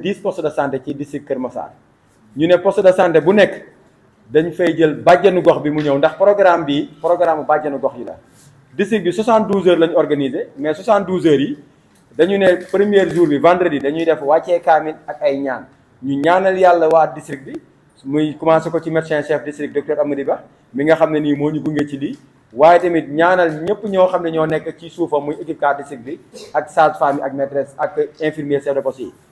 dix postes de santé ci district Kër Massar ñu ne poste de santé bu nekk dañ fay jël bàjjanu gox bi mu ñew ndax programme bi programme bàjjanu gox yi la district bi 72 heures lañ organisé mais 72 heures yi dañu né premier jour bi vendredi dañuy def wàccee kamil ak ay ñaan ñu ñaanal yalla wa district bi muy commencé ko ci médecin chef district docteur Amady Ba mi nga xamné ni nii moo ñu gunge ci lii waaye tamit ñaanal ñepp ño xamné ño nek ci soufa muy équipe cadre district bi ak sage-femme ak maîtresse ak infirmier chef de poste yi